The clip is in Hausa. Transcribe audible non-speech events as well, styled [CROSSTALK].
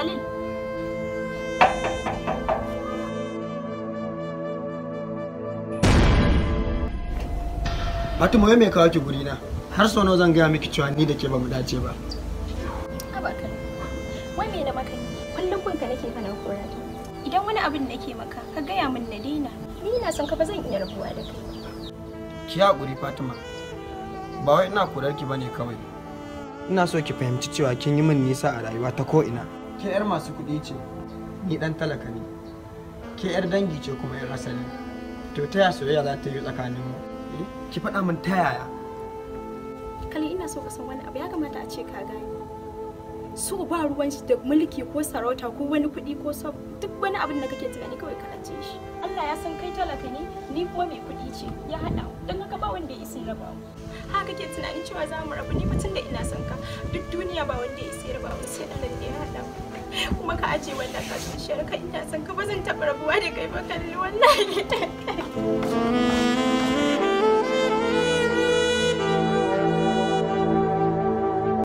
Khalil. Fatima wai me kawo ki guri na? Har sau nawa zan gaya miki cewa ni da ke ba mu dace ba. Haba kai. Wai me da maka Kullum kunka nake kana kora Idan wani abin nake maka, ka gaya min na daina. Ni na san ka ba zan iya rabuwa da kai. Ki haƙuri Fatima. Ba wai ina korar ki bane kawai. Ina so ki fahimci cewa kin yi min nisa a rayuwa ta ko ina. ke 'yar masu kuɗi ce ni ɗan talaka ne ke 'yar dangi ce kuma 'yar asali to taya soyayya za ta yi tsakanin mu eh, ki faɗa min ta yaya kali ina so ka san wani abu ya kamata a ce ka gane so ba ruwan shi da mulki ko sarauta ko wani kuɗi ko sab duk wani abin da kake tunani kawai ka aje shi Allah ya san kai talaka ne ni kuma mai kuɗi ce ya haɗa don haka ba wanda ya isin raba haka kake tunanin cewa za mu rabu ni mutum da ina son ka duk duniya ba wanda ya kuma ka aje wannan kasuwar kai ina son ka ba zan taɓa rabuwa da kai ba kalli wallahi [LAUGHS]